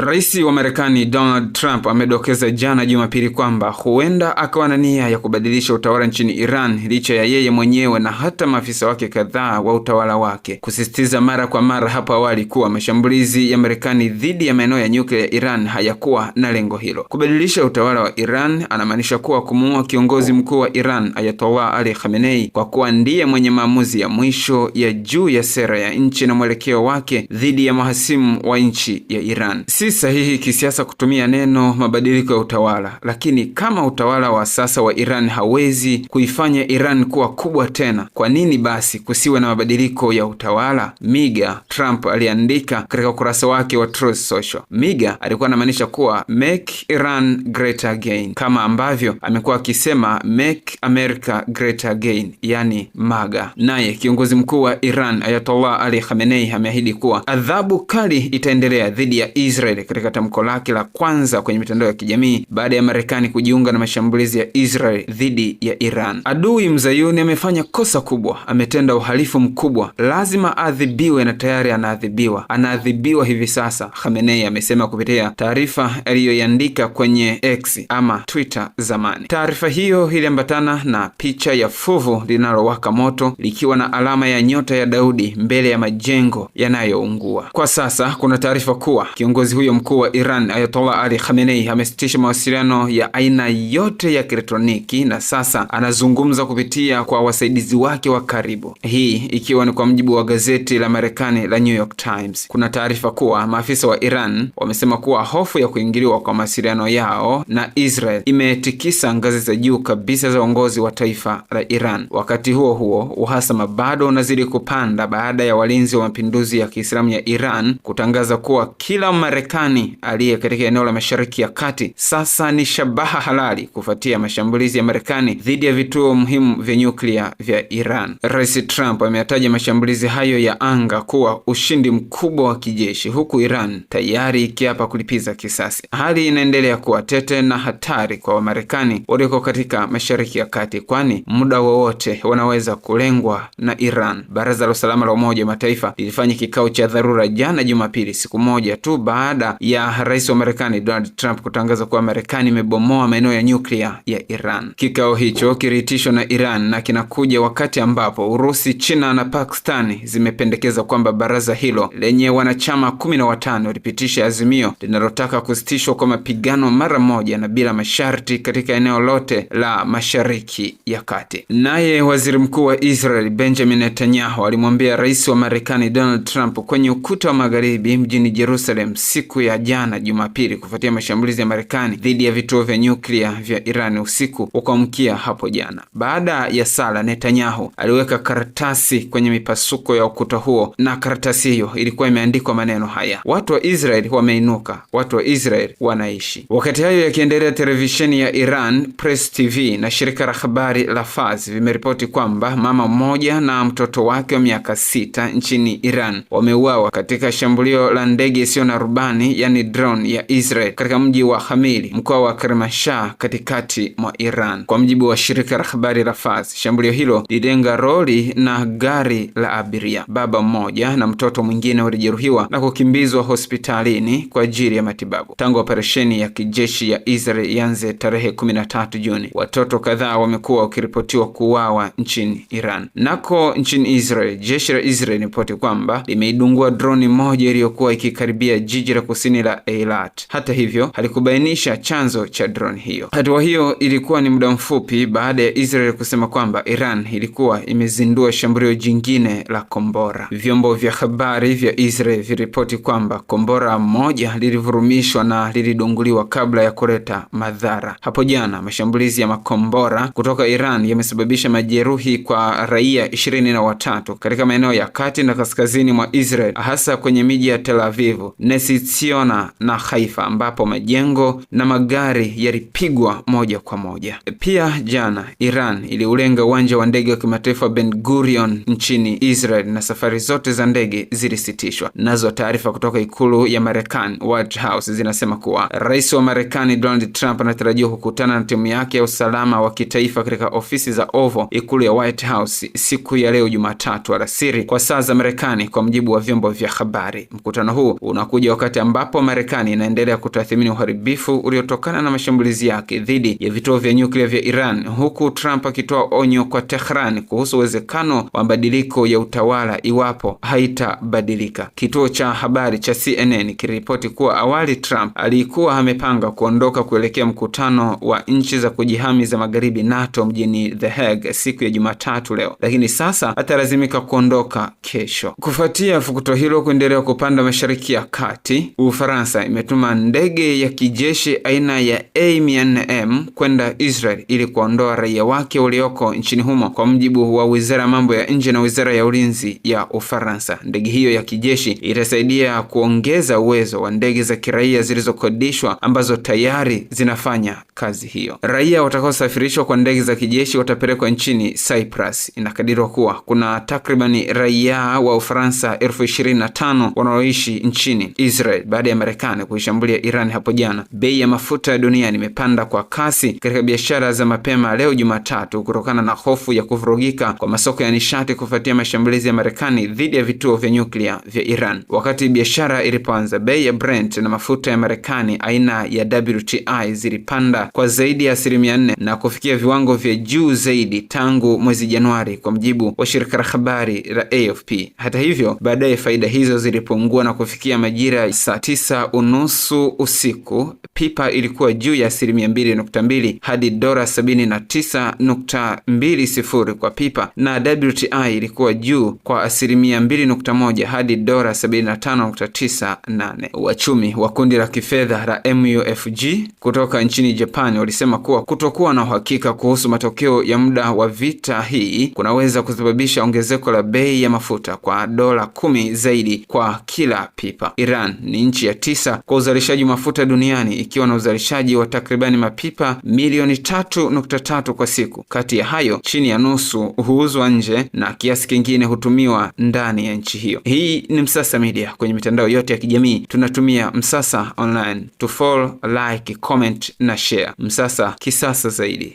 Rais wa Marekani Donald Trump amedokeza jana Jumapili kwamba huenda akawa na nia ya kubadilisha utawala nchini Iran licha ya yeye mwenyewe na hata maafisa wake kadhaa wa utawala wake kusisitiza mara kwa mara hapo awali kuwa mashambulizi ya Marekani dhidi ya maeneo ya nyuklia ya Iran hayakuwa na lengo hilo. Kubadilisha utawala wa Iran anamaanisha kuwa kumuua kiongozi mkuu wa Iran Ayatollah Ali Khamenei kwa kuwa ndiye mwenye maamuzi ya mwisho ya juu ya sera ya nchi na mwelekeo wake dhidi ya mahasimu wa nchi ya Iran si si sahihi kisiasa kutumia neno mabadiliko ya utawala, lakini kama utawala wa sasa wa Iran hawezi kuifanya Iran kuwa kubwa tena, kwa nini basi kusiwe na mabadiliko ya utawala? Miga Trump aliandika katika ukurasa wake wa Truth Social. Miga alikuwa anamaanisha kuwa make Iran great again, kama ambavyo amekuwa akisema make America great again, yani MAGA. Naye kiongozi mkuu wa Iran Ayatollah Ali Khamenei ameahidi kuwa adhabu kali itaendelea dhidi ya Israel Israeli katika tamko lake la kwanza kwenye mitandao ya kijamii baada ya Marekani kujiunga na mashambulizi ya Israeli dhidi ya Iran. Adui mzayuni amefanya kosa kubwa, ametenda uhalifu mkubwa, lazima adhibiwe, na tayari anaadhibiwa, anaadhibiwa hivi sasa, Khamenei amesema kupitia taarifa aliyoiandika kwenye X ama Twitter zamani. Taarifa hiyo iliambatana na picha ya fuvu linalowaka moto likiwa na alama ya nyota ya Daudi mbele ya majengo yanayoungua. Kwa sasa kuna taarifa kuwa kiongozi huyo mkuu wa Iran Ayatollah Ali Khamenei amesitisha mawasiliano ya aina yote ya kielektroniki na sasa anazungumza kupitia kwa wasaidizi wake wa karibu, hii ikiwa ni kwa mjibu wa gazeti la Marekani la New York Times. Kuna taarifa kuwa maafisa wa Iran wamesema kuwa hofu ya kuingiliwa kwa mawasiliano yao na Israel imetikisa ngazi za juu kabisa za uongozi wa taifa la Iran. Wakati huo huo, uhasama bado unazidi kupanda baada ya walinzi wa mapinduzi ya Kiislamu ya Iran kutangaza kuwa kila Marekani Marekani aliye katika eneo la Mashariki ya Kati sasa ni shabaha halali kufuatia mashambulizi ya Marekani dhidi ya vituo muhimu vya nyuklia vya Iran. Rais Trump ameyataja mashambulizi hayo ya anga kuwa ushindi mkubwa wa kijeshi, huku Iran tayari ikiapa kulipiza kisasi. Hali inaendelea kuwa tete na hatari kwa Wamarekani walioko katika Mashariki ya Kati, kwani muda wowote wanaweza kulengwa na Iran. Baraza la Usalama la Umoja wa Mataifa lilifanya kikao cha dharura jana Jumapili, siku moja tu baada baada ya rais wa Marekani Donald Trump kutangaza kuwa Marekani imebomoa maeneo ya nyuklia ya Iran. Kikao hicho kiliitishwa na Iran na kinakuja wakati ambapo Urusi, China na Pakistani zimependekeza kwamba baraza hilo lenye wanachama kumi na watano lipitishe azimio linalotaka kusitishwa kwa mapigano mara moja na bila masharti katika eneo lote la Mashariki ya Kati. Naye waziri mkuu wa Israel Benjamin Netanyahu alimwambia rais wa Marekani Donald Trump kwenye ukuta wa magharibi mjini Jerusalem siku siku ya jana Jumapili kufuatia mashambulizi ya Marekani dhidi ya vituo vya nyuklia vya Iran usiku wa kuamkia hapo jana. Baada ya sala, Netanyahu aliweka karatasi kwenye mipasuko ya ukuta huo, na karatasi hiyo ilikuwa imeandikwa maneno haya: watu wa israel wameinuka, watu wa israel wanaishi. Wakati hayo yakiendelea, televisheni ya Iran Press TV na shirika la habari la Fars vimeripoti kwamba mama mmoja na mtoto wake wa miaka sita nchini Iran wameuawa katika shambulio la ndege isiyo na rubani Marekani yani drone ya Israel katika mji wa Hamili, mkoa wa Kermanshah, katikati mwa Iran. Kwa mjibu wa shirika la habari la Fars, shambulio hilo lilenga roli na gari la abiria. Baba mmoja na mtoto mwingine walijeruhiwa na kukimbizwa hospitalini kwa ajili ya matibabu. Tangu operesheni ya kijeshi ya Israel ianze tarehe 13 Juni, watoto kadhaa wamekuwa wakiripotiwa kuuawa nchini Iran. Nako nchini Israel, jeshi la Israel ripoti kwamba limeidungua droni moja iliyokuwa ikikaribia jiji la kusini la Eilat. Hata hivyo, halikubainisha chanzo cha drone hiyo. Hatua hiyo ilikuwa ni muda mfupi baada ya Israel kusema kwamba Iran ilikuwa imezindua shambulio jingine la kombora. Vyombo vya habari vya Israel viripoti kwamba kombora moja lilivurumishwa na lilidunguliwa kabla ya kuleta madhara. Hapo jana mashambulizi ya makombora kutoka Iran yamesababisha majeruhi kwa raia ishirini na watatu katika maeneo ya kati na kaskazini mwa Israel, hasa kwenye miji ya Tel Avivu, Nesitz Siona na Haifa ambapo majengo na magari yalipigwa moja kwa moja. Pia jana Iran iliulenga uwanja wa ndege wa kimataifa wa Ben Gurion nchini Israel na safari zote za ndege zilisitishwa. Nazo taarifa kutoka ikulu ya Marekani White House zinasema kuwa rais wa Marekani Donald Trump anatarajiwa kukutana na timu yake ya usalama wa kitaifa katika ofisi za Oval, ikulu ya White House siku ya leo Jumatatu alasiri kwa saa za Marekani, kwa mujibu wa vyombo vya habari. Mkutano huu unakuja wakati ambapo Marekani inaendelea kutathmini uharibifu uliotokana na mashambulizi yake dhidi ya vituo vya nyuklia vya Iran, huku Trump akitoa onyo kwa Tehran kuhusu uwezekano wa mabadiliko ya utawala iwapo haitabadilika. Kituo cha habari cha CNN kiripoti kuwa awali Trump alikuwa amepanga kuondoka kuelekea mkutano wa nchi za kujihami za magharibi NATO mjini The Hague siku ya Jumatatu leo, lakini sasa atalazimika kuondoka kesho kufuatia fukuto hilo kuendelea kupanda mashariki ya kati. Ufaransa imetuma ndege ya kijeshi aina ya A400M kwenda Israel ili kuondoa raia wake walioko nchini humo, kwa mujibu wa wizara ya mambo ya nje na wizara ya ulinzi ya Ufaransa. Ndege hiyo ya kijeshi itasaidia kuongeza uwezo wa ndege za kiraia zilizokodishwa ambazo tayari zinafanya kazi hiyo. Raia watakaosafirishwa kwa ndege za kijeshi watapelekwa nchini Cyprus. Inakadiriwa kuwa kuna takribani raia wa Ufaransa elfu ishirini na tano wanaoishi nchini Israel. Israel baada ya Marekani kuishambulia Iran hapo jana. Bei ya mafuta ya duniani imepanda kwa kasi katika biashara za mapema leo Jumatatu kutokana na hofu ya kuvurugika kwa masoko ya nishati kufuatia mashambulizi ya Marekani dhidi ya vituo vya nyuklia vya Iran. Wakati biashara ilipoanza, bei ya Brent na mafuta ya Marekani aina ya WTI zilipanda kwa zaidi ya asilimia nne na kufikia viwango vya juu zaidi tangu mwezi Januari, kwa mjibu wa shirika la habari la AFP. Hata hivyo, baadaye faida hizo zilipungua na kufikia majira saa tisa unusu usiku pipa ilikuwa juu ya asilimia mbili nukta mbili hadi dola sabini na tisa nukta mbili sifuri kwa pipa na WTI ilikuwa juu kwa asilimia mbili nukta moja hadi dola sabini na tano nukta tisa nane. Wachumi wa kundi la kifedha la MUFG kutoka nchini Japan walisema kuwa kutokuwa na uhakika kuhusu matokeo ya muda wa vita hii kunaweza kusababisha ongezeko la bei ya mafuta kwa dola kumi zaidi kwa kila pipa. Iran ni ni nchi ya tisa kwa uzalishaji mafuta duniani ikiwa na uzalishaji wa takribani mapipa milioni tatu kwa siku. Kati ya hayo, chini ya nusu huuzwa nje na kiasi kingine hutumiwa ndani ya nchi hiyo. Hii ni Msasa Media. Kwenye mitandao yote ya kijamii tunatumia Msasa Online. To follow, like, comment na share. Msasa kisasa zaidi.